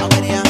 How many